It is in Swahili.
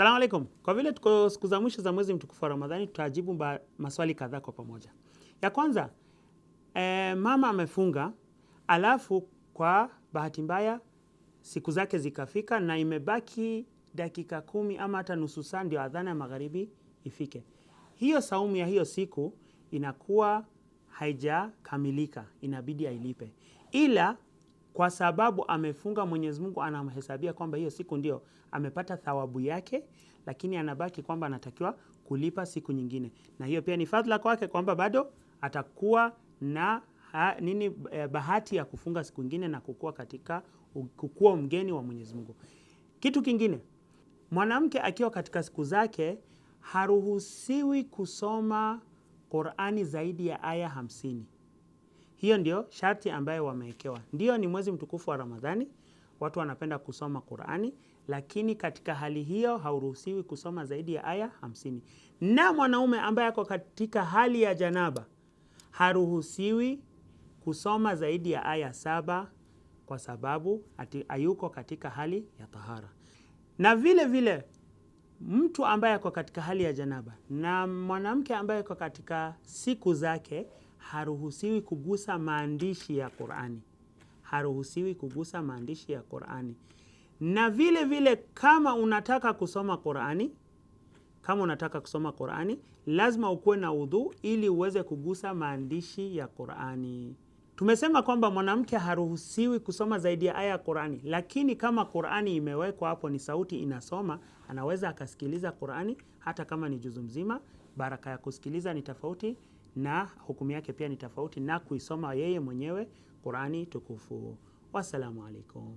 Salamu alaikum. Kwa vile tuko siku za mwisho za mwezi mtukufu wa Ramadhani, tutajibu maswali kadhaa kwa pamoja. Ya kwanza, e, mama amefunga alafu kwa bahati mbaya siku zake zikafika na imebaki dakika kumi ama hata nusu saa ndio adhana ya magharibi ifike. Hiyo saumu ya hiyo siku inakuwa haijakamilika, inabidi ailipe, ila kwa sababu amefunga, Mwenyezi Mungu anamhesabia kwamba hiyo siku ndio amepata thawabu yake, lakini anabaki kwamba anatakiwa kulipa siku nyingine, na hiyo pia ni fadhila kwake kwamba bado atakuwa na ha, nini eh, bahati ya kufunga siku nyingine na kukua katika kukua mgeni wa Mwenyezi Mungu. Kitu kingine, mwanamke akiwa katika siku zake haruhusiwi kusoma Qur'ani zaidi ya aya hamsini. Hiyo ndio sharti ambayo wamewekewa. Ndio ni mwezi mtukufu wa Ramadhani, watu wanapenda kusoma Qur'ani, lakini katika hali hiyo hauruhusiwi kusoma zaidi ya aya hamsini. Na mwanaume ambaye ako katika hali ya janaba haruhusiwi kusoma zaidi ya aya saba kwa sababu ati hayuko katika hali ya tahara. Na vile vile mtu ambaye ako katika hali ya janaba na mwanamke ambaye ako katika siku zake haruhusiwi kugusa maandishi ya Qur'ani, haruhusiwi kugusa maandishi ya Qur'ani. Na vile vile kama unataka kusoma Qur'ani, kama unataka kusoma Qur'ani lazima ukuwe na udhu ili uweze kugusa maandishi ya Qur'ani. Tumesema kwamba mwanamke haruhusiwi kusoma zaidi ya aya ya Qur'ani, lakini kama Qur'ani imewekwa hapo, ni sauti inasoma, anaweza akasikiliza Qur'ani hata kama ni juzu mzima. Baraka ya kusikiliza ni tofauti na hukumu yake pia ni tofauti na kuisoma yeye mwenyewe Qurani tukufu. Wassalamu alaikum.